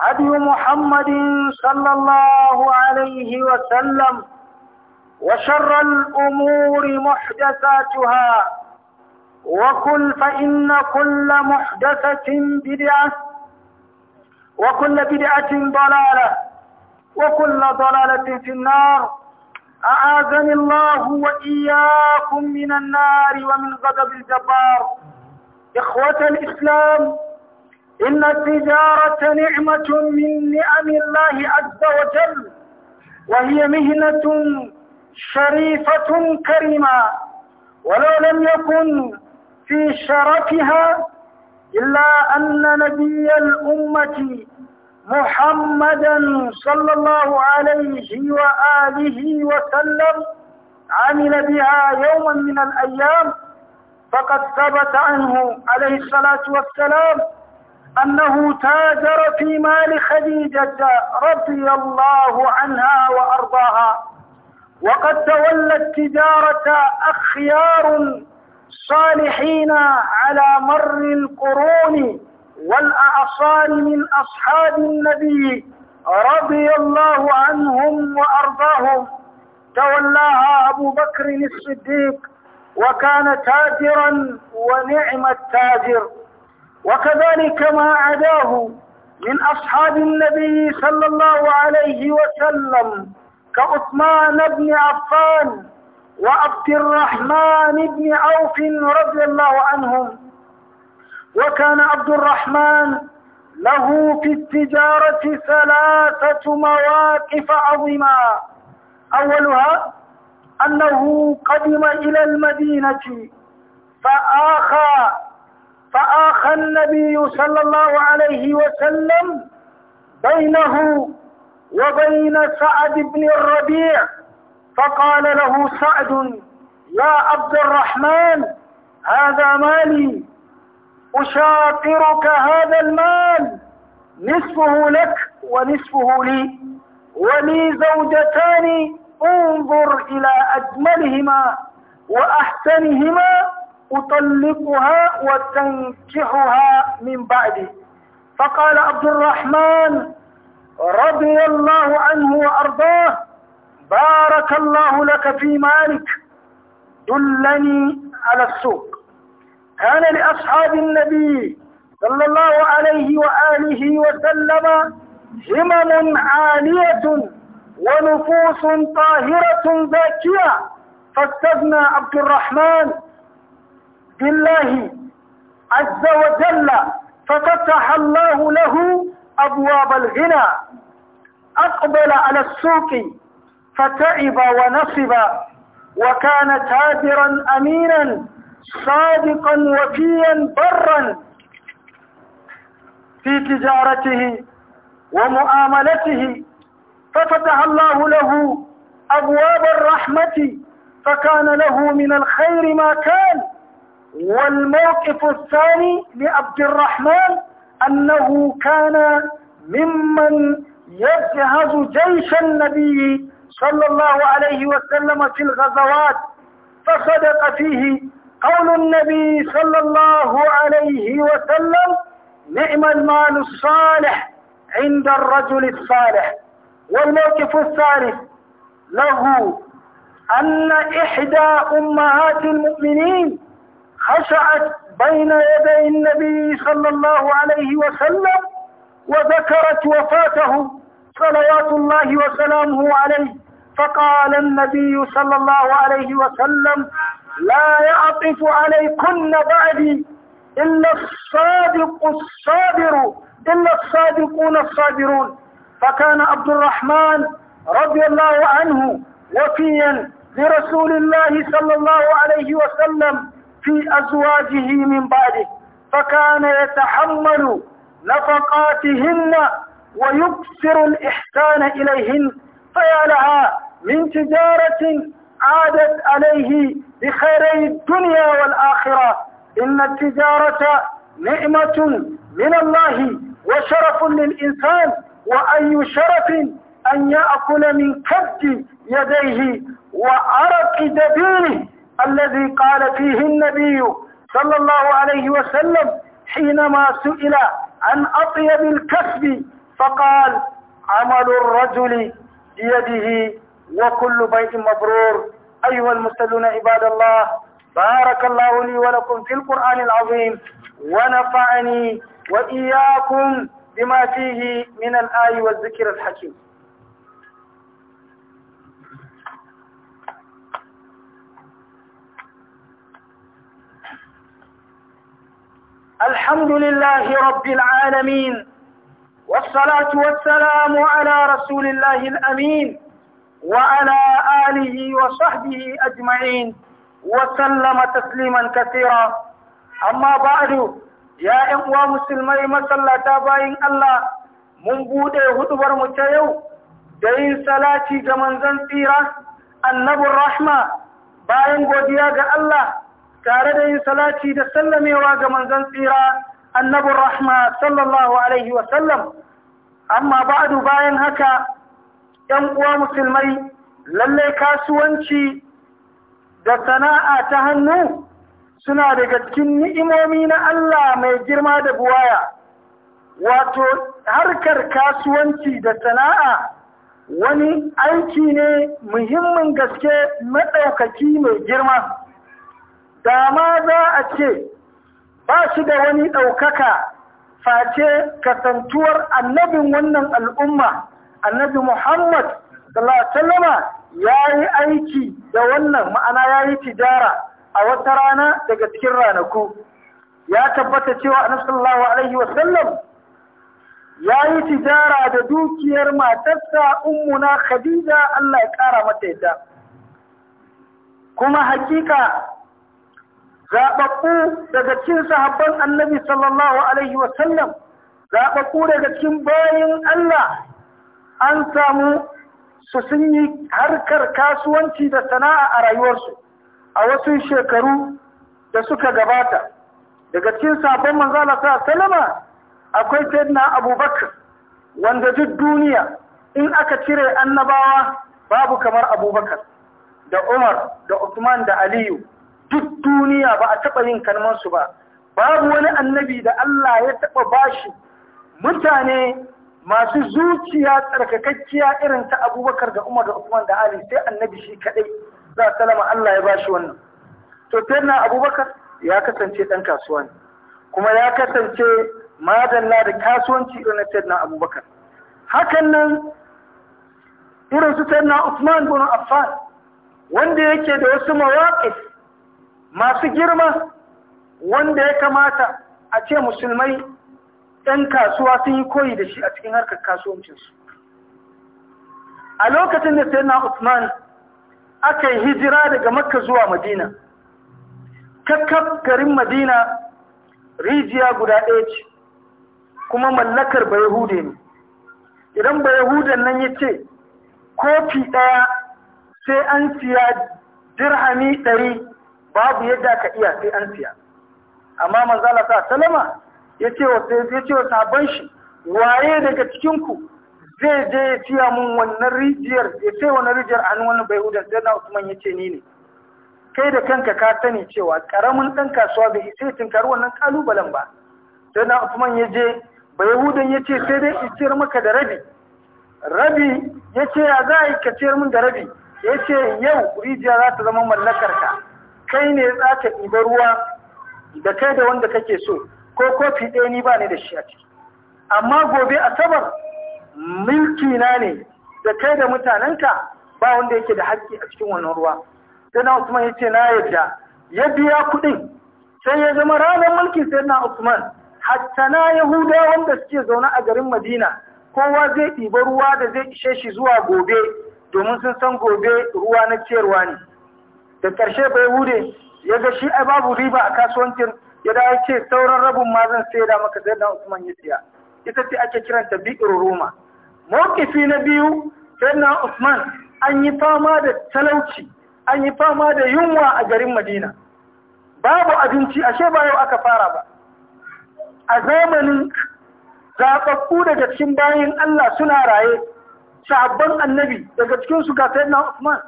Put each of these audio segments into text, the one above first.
هدي محمد صلى الله عليه وسلم وشر الأمور محدثاتها وكل فإن كل محدثة بدعة وكل بدعة ضلالة وكل ضلالة في النار أعاذني الله وإياكم من النار ومن غضب الجبار إخوة الإسلام إن التجارة نعمة من نعم الله عز وجل وهي مهنة شريفة كريمة ولو لم يكن في شرفها إلا أن نبي الأمة محمدا صلى الله عليه وآله وسلم عمل بها يوما من الأيام فقد ثبت عنه عليه الصلاة والسلام أنه تاجر في مال خديجة رضي الله عنها وأرضاها وقد تولى التجارة أخيار صالحين على مر القرون والأعصار من أصحاب النبي رضي الله عنهم وأرضاهم تولاها أبو بكر الصديق وكان تاجرا ونعم التاجر وكذلك ما عداه من أصحاب النبي صلى الله عليه وسلم كعثمان بن عفان وعبد الرحمن بن عوف رضي الله عنهم وكان عبد الرحمن له في التجارة ثلاثة مواقف عظيمة أولها أنه قدم إلى المدينة فآخى فآخى النبي صلى الله عليه وسلم بينه وبين سعد بن الربيع فقال له سعد يا عبد الرحمن هذا مالي أشاطرك هذا المال نصفه لك ونصفه لي ولي زوجتان انظر إلى أجملهما وأحسنهما أطلقها وتنكحها من بعدي فقال عبد الرحمن رضي الله عنه وأرضاه بارك الله لك في مالك دلني على السوق كان لأصحاب النبي صلى الله عليه وآله وسلم همم عالية ونفوس طاهرة زاكية فاستغنى عبد الرحمن بالله عز وجل ففتح الله له أبواب الغنى أقبل على السوق فتعب ونصب وكان تاجرا أمينا صادقا وفيا برا في تجارته ومؤاملته ففتح الله له أبواب الرحمة فكان له من الخير ما كان والموقف الثاني لعبد الرحمن أنه كان ممن يجهز جيش النبي صلى الله عليه وسلم في الغزوات فصدق فيه قول النبي صلى الله عليه وسلم نعم المال الصالح عند الرجل الصالح والموقف الثالث له أن إحدى أمهات المؤمنين خشعت بين يدي النبي صلى الله عليه وسلم وذكرت وفاته صلوات الله وسلامه عليه فقال النبي صلى الله عليه وسلم لا يعطف عليكن بعدي إلا الصادق الصابر إلا الصادقون الصابرون فكان عبد الرحمن رضي الله عنه وفيا لرسول الله صلى الله عليه وسلم في أزواجه من بعده فكان يتحمل نفقاتهن ويكثر الإحسان إليهن فيا لها من تجارة عادت عليه بخيري الدنيا والآخرة إن التجارة نعمة من الله وشرف للإنسان وأي شرف أن يأكل من كبد يديه وعرق دبيره الذي قال فيه النبي صلى الله عليه وسلم حينما سئل عن أطيب الكسب فقال عمل الرجل بيده وكل بيت مبرور أيها المسلون عباد الله بارك الله لي ولكم في القرآن العظيم ونفعني وإياكم بما فيه من الآي والذكر الحكيم الحمد لله رب العالمين والصلاة والسلام على رسول الله الأمين وعلى آله وصحبه أجمعين وسلم تسليما كثيرا أما بعد يا إخوة مسلمي مسلا تابعين الله من بوده هدبر متيو دين صلاتي جمنزن سيرا النبو الرحمة باين godiya ga Allah tare da yin salati da sallamewa ga manzon tsira annabin rahma sallallahu alaihi wasallam amma ba'adu bayan haka ‘yan uwa musulmai lalle kasuwanci da sana'a ta hannu suna daga cikin ni'imomi na Allah mai girma da buwaya wato harkar kasuwanci da sana'a wani aiki ne muhimmin gaske maɗaukaki mai girma da ma za a ce ba shi da wani ɗaukaka face kasantuwar annabin wannan al'umma annabi Muhammad sallama ya yi aiki da wannan ma'ana ya yi tijara a wata rana daga cikin ranaku ya tabbata cewa annabi sallallahu alaihi wasallam ya yi tijara da dukiyar matarsa ummuna khadija Allah ya ƙara mata yadda kuma hakika zaɓaɓɓu daga cikin sahabban annabi sallallahu alaihi wasallam zaɓaɓɓu daga cikin bayan Allah an samu su sun yi harkar kasuwanci da sana'a a rayuwarsu a wasu shekaru da suka gabata daga cikin sabon manzala sa salama akwai sayyidina abubakar wanda duk duniya in aka cire annabawa babu kamar abubakar da umar da usman da aliyu duk duniya ba a taɓa yin kalmansu ba babu wani annabi da Allah ya taɓa bashi mutane masu zuciya tsarkakakkiya irin ta abubakar da umar da usman da ali sai annabi shi kaɗai za salama Allah ya bashi wannan to na abubakar ya kasance ɗan kasuwa ne kuma ya kasance madalla da kasuwanci irin na abubakar hakan nan irin su na usman bin affan wanda yake da wasu mawaƙif masu girma wanda ya kamata a ce musulmai ɗan kasuwa sun yi koyi da shi a cikin harkar kasuwancinsu a lokacin da sai na Usman aka yi hijira daga makka zuwa madina kakkaf garin madina rijiya guda ɗaya ce kuma mallakar bayahude ne idan bayahudan nan ya ce kofi ɗaya sai an siya dirhami ɗari babu yadda ka iya sai an siya amma manzala sa salama ya ce wa sai ce wa sabon shi waye daga cikin ku zai je ya ciya mun wannan rijiyar ya sai wannan rijiyar an wani bai hudan sai na Usman ya ce ni ne kai da kanka ka sani cewa karamin dan kasuwa bai isa ya tinkari wannan kalubalen ba sai na Usman ya je bai hudan ya ce sai dai in ciyar maka da rabi rabi ya ce ya za a yi ka ciyar mun da rabi ya ce yau rijiya za ta zama mallakar ka kai ne za ka ɗiba ruwa da kai da wanda kake so ko kofi ɗaya ni ba ni da shi a ciki amma gobe asabar milki na ne da kai da mutanenka ba wanda yake da haƙƙi a cikin wannan ruwa sai na usman ya ce na yadda ya biya kuɗin sai ya zama ranar mulkin sai na usman hatta na yahuda wanda suke zaune a garin madina kowa zai ɗiba ruwa da zai ishe shi zuwa gobe domin sun san gobe ruwa na ciyarwa ne da ƙarshe bai wude ya ga shi a babu riba a kasuwancin ya dawo ce sauran rabin ma zan da maka zai dan Usman ya siya ita ce ake kiranta bi'ir Roma mawkifi na biyu sayyidina Usman an yi fama da talauci an yi fama da yunwa a garin Madina babu abinci ashe ba yau aka fara ba a zamanin zaɓaɓɓu daga cikin bayan Allah suna raye sahabban annabi daga cikin su ga sayyidina Usman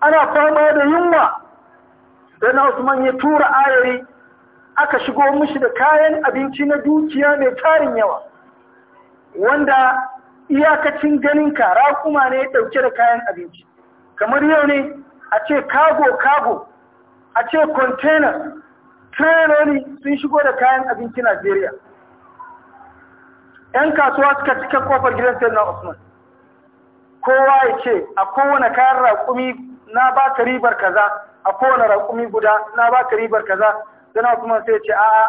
ana fama da yunwa da Usman ya tura ayari aka shigo mushi da kayan abinci na dukiya mai tarin yawa wanda iyakacin ka rakuma ne ya ɗauke da kayan abinci kamar yau ne a ce kago-kago a ce container traileroli sun shigo da kayan abinci Najeriya. 'yan kasuwa suka cika kofar gidan na Usman kowa ya ce a kowane kayan raƙumi na ba ka ribar kaza a kowane raƙumi guda na ba ka ribar kaza yana kuma sai ce a'a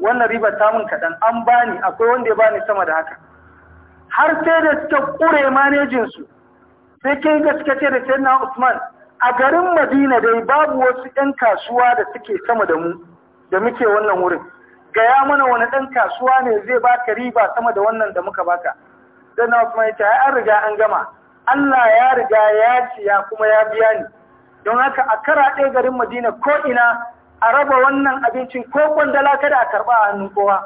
wannan ribar ta mun kaɗan an bani akwai wanda ya bani sama da haka har sai da suka ƙure manejinsu sai kai ga suka ce da sayyidina Usman a garin Madina dai babu wasu ɗan kasuwa da suke sama da mu da muke wannan wurin gaya mana wani ɗan kasuwa ne zai ba ka riba sama da wannan da muka baka dan Usman ya ce ai an riga an gama Allah ya riga ya ciya kuma ya biya ni don haka a kara ɗaya garin Madina ko ina a raba wannan abincin ko kwandala kada a karɓa a hannun kowa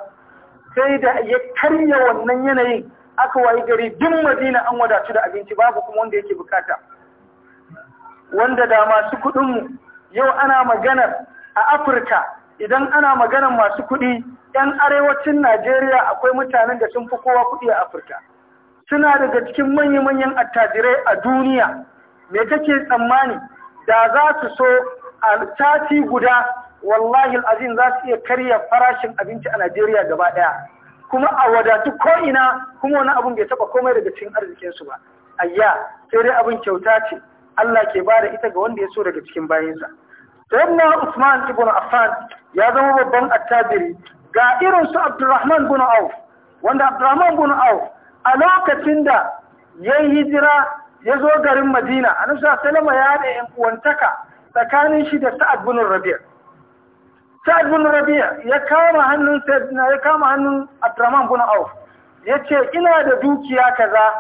sai da ya karya wannan yanayin aka wayi gari duk Madina an wadatu da abinci babu kuma wanda yake bukata wanda da masu kuɗin kuɗinmu yau ana maganar a Afirka idan ana maganar masu kuɗi 'yan arewacin Najeriya akwai mutanen da sun fi kowa kuɗi a Afirka suna daga cikin manya-manyan attajirai a duniya me kake tsammani da za su so a sati guda wallahi azim za su iya karya farashin abinci a Najeriya gaba ɗaya kuma a wadatu ko'ina kuma wani abin bai taba komai daga cikin arzikinsu ba ayya sai dai abin kyauta ce Allah ke bada ita ga wanda ya so daga cikin bayansa sayyidina Usman ibn Affan ya zama babban attajiri ga irin su abdulrahman ibn Auf wanda Abdulrahman ibn Auf a lokacin da ya yi hijira ya zo garin madina a nusa salama ya da yan uwantaka tsakanin shi da sa'ad bin rabi'a sa'ad bin rabi'a ya kama hannun Sa’adina ya kama hannun abdurrahman bin auf ce ina da dukiya kaza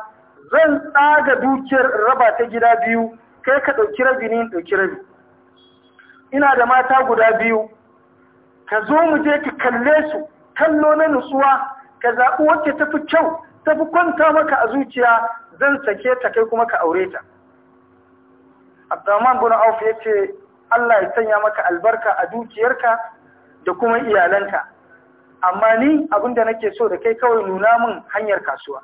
zan tsaga dukiyar raba ta gida biyu kai ka ɗauki rabi ne ɗauki rabi ina da mata guda biyu ka zo mu je ka kalle su kallo na nutsuwa ka zaɓi wacce tafi kyau ta fi kwanta maka a zuciya zan sake ta kai kuma ka aure ta Abdullaman bin auf ya ce Allah ya sanya maka albarka a dukiyarka da kuma iyalanka amma ni abin abinda nake so da kai kawai nuna min hanyar kasuwa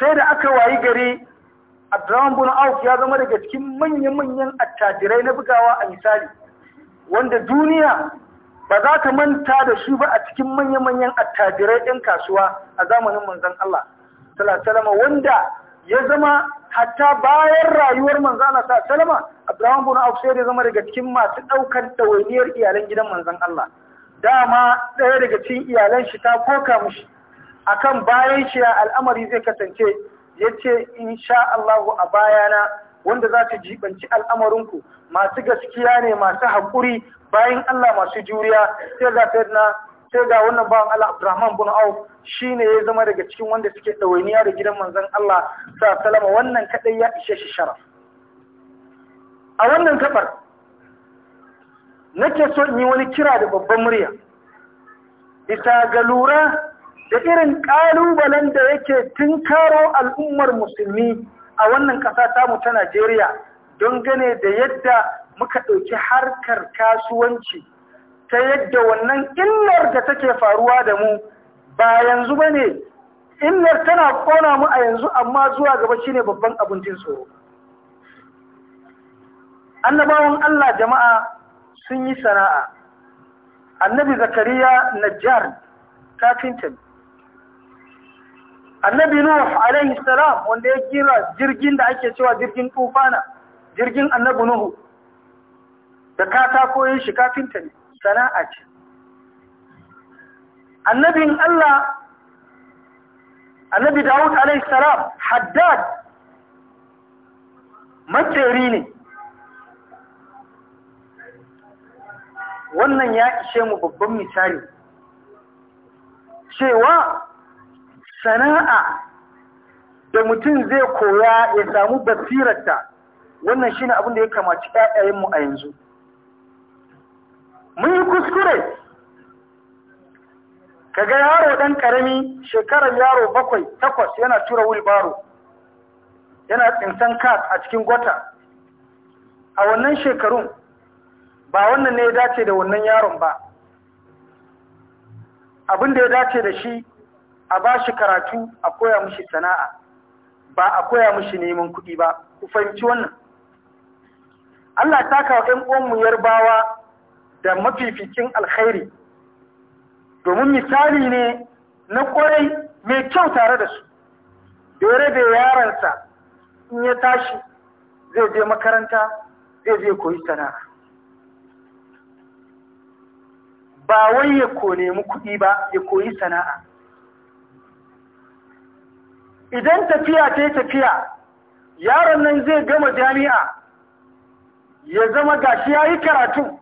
sai da aka wayi gari Abdullaman bin Auf ya zama daga cikin manya-manyan attajirai na bugawa a misali wanda duniya ba za ka manta da shi ba a cikin manya-manyan attajirai ɗin kasuwa a zamanin Manzan Allah salama wanda ya zama hatta bayan rayuwar manzan Allah salama Abdullahi Buna Auf sai ya zama daga cikin masu ɗaukar ɗawainiyar iyalan gidan Manzan Allah dama ɗaya daga cikin iyalan shi ta koka mushi akan bayan shi al'amari zai kasance ya ce in sha Allah a bayana wanda za su jibanci al'amarinku masu gaskiya ne masu haƙuri bayan Allah masu juriya sai ga sayyidina sai ga wannan bawan Allah Abdurrahman bin Auf shine ya zama daga cikin wanda suke dawainiya da gidan manzon Allah sallallahu alaihi wannan kadai ya ishe shi sharaf a wannan kafar nake so in yi wani kira da babban murya bisa ga lura da irin ƙalubalen da yake tunkaro al'ummar musulmi a wannan ƙasa mu ta Najeriya don gane da yadda muka ɗauki harkar kasuwanci ta yadda wannan illar da take faruwa da mu ba yanzu ba ne illar tana ƙona mu a yanzu amma zuwa gaba shi ne babban abincin tsoro annabawan Allah jama'a sun yi sana'a annabi zakariya najjar kafinta annabi nuh alaihi salam wanda ya kira jirgin da ake cewa jirgin tufana jirgin annabi nuhu da katako yin shi kafinta ne sana'a ce annabin Allah annabi Dawud alaihi salam Haddad makeri ne wannan ya ishe mu babban misali cewa sana'a da mutum zai koya ya samu basirarta wannan shine abin da ya kamaci ƴaƴayenmu a yanzu mun yi kuskure kaga yaro ɗan ƙarami shekarar yaro bakwai takwas yana tura wilbaro yana tsintan kat a cikin gwata a wannan shekarun ba wannan ne ya dace da wannan yaron ba abin da ya dace da shi a ba shi karatu a koya mushi sana'a ba a koya mushi neman kuɗi ba ku fahimci wannan Allah ta kawo ɗan mu yarbawa da mafifikin alkhairi domin misali ne na ƙwarai mai kyau tare da su dore da yaransa in ya tashi zai je makaranta zai je koyi sana'a ba wai ya ko nemi kuɗi ba ya koyi sana'a idan tafiya ta yi tafiya yaron nan zai gama jami'a ya zama gashi ya yi karatu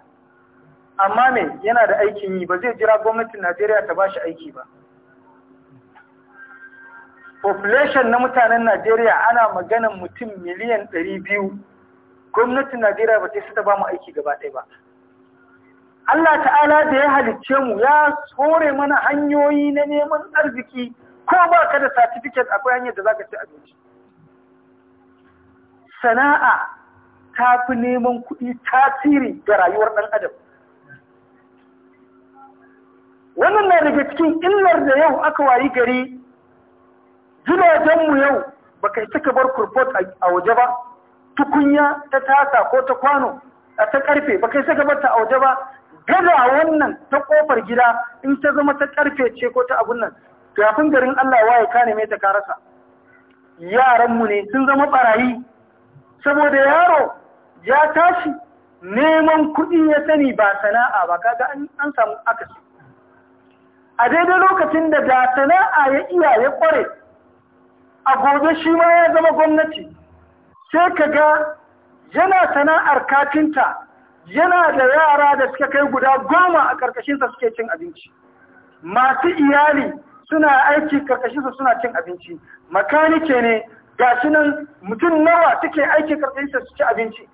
amma ne yana da aikin yi ba zai jira gwamnatin najeriya ta ba shi aiki ba population na mutanen najeriya ana maganan mutum miliyan ɗari biyu. gwamnatin najeriya ba ta sita ba mu aiki gaba ɗaya ba Allah ta'ala da ya halicce mu ya tsore mana hanyoyi na neman arziki ko ba ka da certificate akwai hanyar da za ka ci abinci sana'a ta fi neman kuɗi tasiri ga rayuwar ɗan adam wannan na daga cikin illar da yau aka wayi gari gidajenmu yau ba isa ka bar kurfot a waje ba tukunya ta tasa ko ta kwano a ta karfe ba isa ka bar ta a waje ba gada wannan ta kofar gida in ta zama ta karfe ce ko ta abun nan kafin garin Allah waye ka neme ta ka rasa yaranmu ne sun zama barayi saboda yaro ya tashi neman kuɗi ya sani ba sana'a ba kaga an samu akasi a daidai lokacin da da sana'a ya iya ya kware a gobe shi ma ya zama gwamnati sai ka ga yana sana'ar kafinta yana da yara da suka kai guda goma a ƙarƙashinsa suke cin abinci masu iyali suna aiki karkashin su suna cin abinci makanike ne shi nan mutum nawa suke aiki karkashin su ci abinci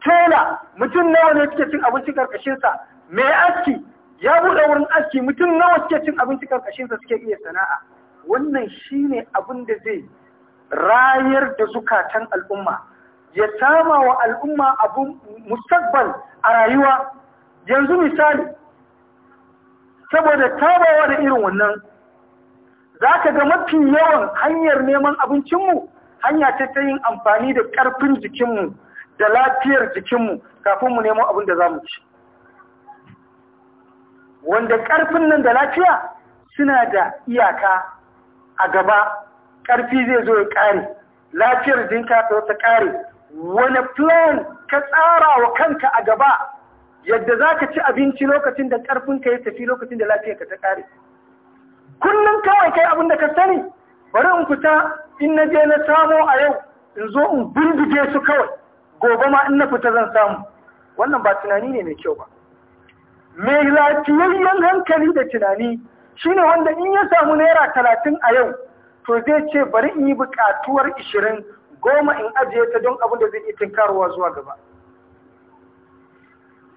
tela mutum nawa ne suke cin abinci karkashin sa mai aski ya buɗe wurin aski mutum nawa suke cin abinci karkashin sa suke iya sana'a wannan shine abin da zai rayar da zukatan al'umma ya sama wa al'umma abu musabbal a rayuwa yanzu misali saboda tabawa da irin wannan za ka ga mafi yawan hanyar neman abincinmu hanya ta ta yin amfani da ƙarfin jikinmu da lafiyar jikinmu kafin mu nemo abin da za mu ci wanda ƙarfin nan da lafiya suna da iyaka a gaba ƙarfi zai zo ya ƙare lafiyar jinka ta wata ƙare wani plan ka tsara wa kanka a gaba yadda za ka ci abinci lokacin da ƙarfinka ya tafi lokacin da lafiyarka ta ƙare kullum kawai kai abin da ka sani bari in fita in na je na samo a yau in zo in bindige su kawai gobe ma in na fita zan samu wannan ba tunani ne mai kyau ba mai lafiyayyen hankali da tunani shine wanda in ya samu naira talatin a yau to zai ce bari in yi bukatuwar ishirin goma in ajiye ta don abin da zai iya tunkarwa zuwa gaba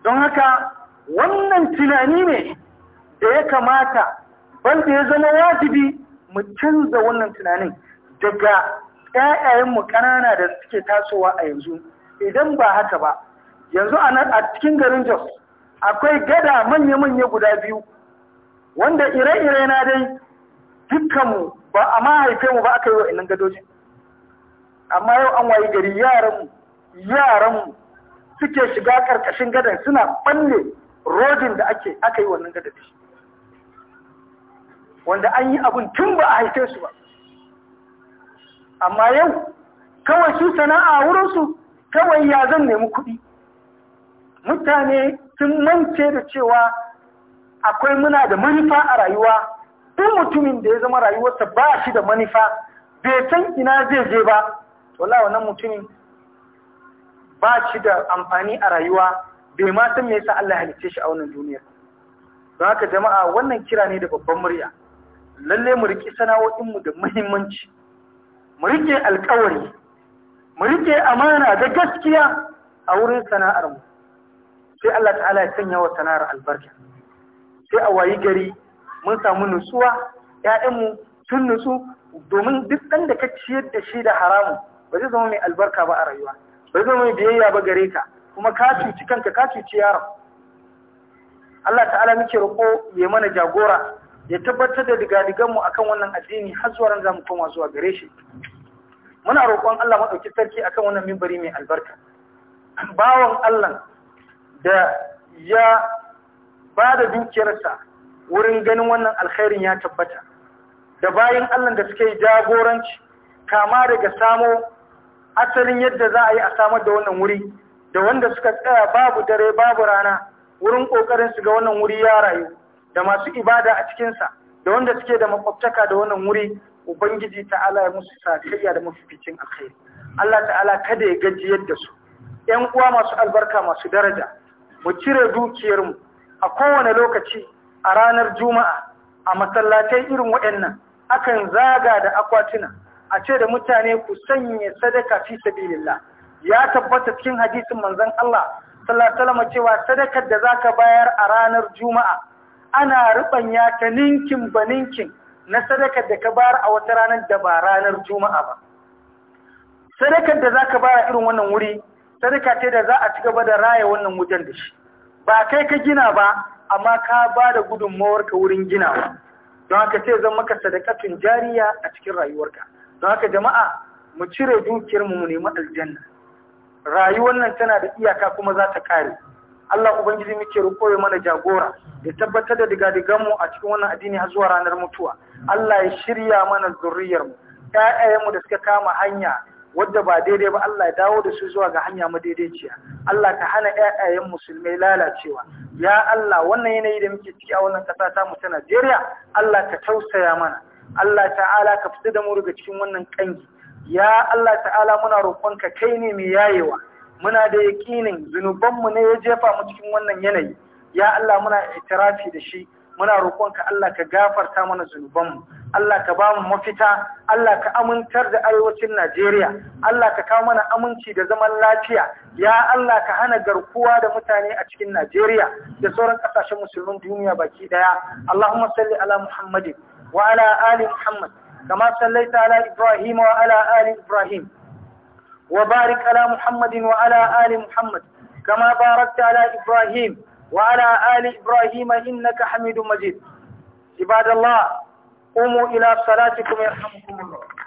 don haka wannan tunani ne da ya kamata wanda ya zama wajibi mu canza wannan tunanin daga ƴaƴayenmu ƙanana da suke tasowa a yanzu idan ba haka ba yanzu a a cikin garin Jos akwai gada manya-manya guda biyu wanda ire-ire na dai dukkanmu ba a haife mu ba aka yi wa inan gadojin amma yau an wayi gari yaranmu yaranmu suke shiga ƙarƙashin gadan suna ɓalle rodin da aka yi wannan gadon shi wanda an yi abun tun ba a haife su ba amma yau kawai su sana'a wurinsu kawai ya zan nemi kuɗi mutane sun mance da cewa akwai muna da manufa a rayuwa duk mutumin da ya zama rayuwarsa ba shi da manufa bai san ina zai je ba wala wannan mutumin ba shi da amfani a rayuwa bai ma san me yasa Allah ya halicce shi a wannan duniya don haka jama'a wannan kira ne da babban murya lalle mu riƙe sana'o'inmu da muhimmanci mu riƙe alƙawari mu riƙe amana da gaskiya a wurin sana'armu sai Allah ta'ala ya sanya wa sana'ar albarka sai a wayi gari mun samu nutsuwa ‘ya'yanmu sun nutsu domin duk ɗan da ka ciyar da shi da haramun ba zai zama mai albarka ba a rayuwa ba zai zama mai biyayya ba gare ka kuma ka cuci kanka ka cuci yaron Allah ta'ala muke roƙo ya mana jagora ya tabbatar da digadiganmu akan wannan addini har zuwa ran zamu koma zuwa gare shi muna roƙon Allah madauki sarki akan wannan mimbari mai albarka bawon Allah da ya ba da dukiyarsa wurin ganin wannan alkhairin ya tabbata da bayan Allah da suka yi jagoranci kama daga samo asalin yadda za a yi a samar da wannan wuri da wanda suka tsaya babu dare babu rana wurin ƙoƙarin su ga wannan wuri ya rayu da masu ibada a cikinsa da wanda suke da makwabtaka da wannan wuri ubangiji ta'ala ya musu sakayya da mafificin alkhairi Allah ta'ala kada ya gajiyar da su ƴan uwa masu albarka masu daraja mu cire dukiyarmu a kowane lokaci a ranar juma'a a masallatai irin waɗannan akan zaga da akwatuna a ce da mutane ku sanya sadaka fi sabilillah ya tabbata cikin hadisin manzon Allah sallallahu alaihi wasallam cewa sadakar da zaka bayar a ranar juma'a ana rubanya ta ninkin ba ninkin na sadakar da ka bara a wata ranar da ba ranar juma'a ba sadakar da zaka bayar irin wannan wuri sadaka ce da za a ci gaba da raya wannan wutan da shi ba kai ka gina ba amma ka ba da gudunmawar ka wurin ginawa don haka ce zan maka sadakatun jariya a cikin rayuwarka don haka jama'a mu cire dukiyar mu mu nemi aljanna rayuwar nan tana da iyaka kuma za ta kare Allah ubangiji muke roƙo ya mana jagora ya tabbatar da digadigan mu a cikin wannan addini har zuwa ranar mutuwa Allah ya shirya mana zuriyar mu ƴaƴayen mu da suka kama hanya wadda ba daidai ba Allah ya dawo da su zuwa ga hanya daidai madaidaiciya Allah ka hana ƴaƴayen musulmai lalacewa ya Allah wannan yanayi da muke ciki a wannan ƙasa ta mu ta Najeriya Allah ka tausaya mana Allah ta'ala ka fita da mu daga cikin wannan ƙangi. ya Allah ta'ala muna roƙonka kai ne mai yayewa muna da yakinin zunubanmu ne ya jefa mu cikin wannan yanayi ya Allah muna itirafi da shi muna roƙonka Allah ka gafarta mana zunubanmu Allah ka ba mu mafita Allah ka amintar da arewacin Najeriya Allah ka kawo mana aminci da zaman lafiya ya Allah ka hana garkuwa da mutane a cikin Najeriya da sauran ƙasashen musulmin duniya baki daya Allahumma salli ala Muhammadin wa ala ali Muhammad kama sallaita ala Ibrahim wa ala ali Ibrahim وبارك على محمد وعلى آل محمد كما باركت على إبراهيم وعلى آل إبراهيم إنك حميد مجيد عباد الله قوموا إلى صلاتكم يرحمكم الله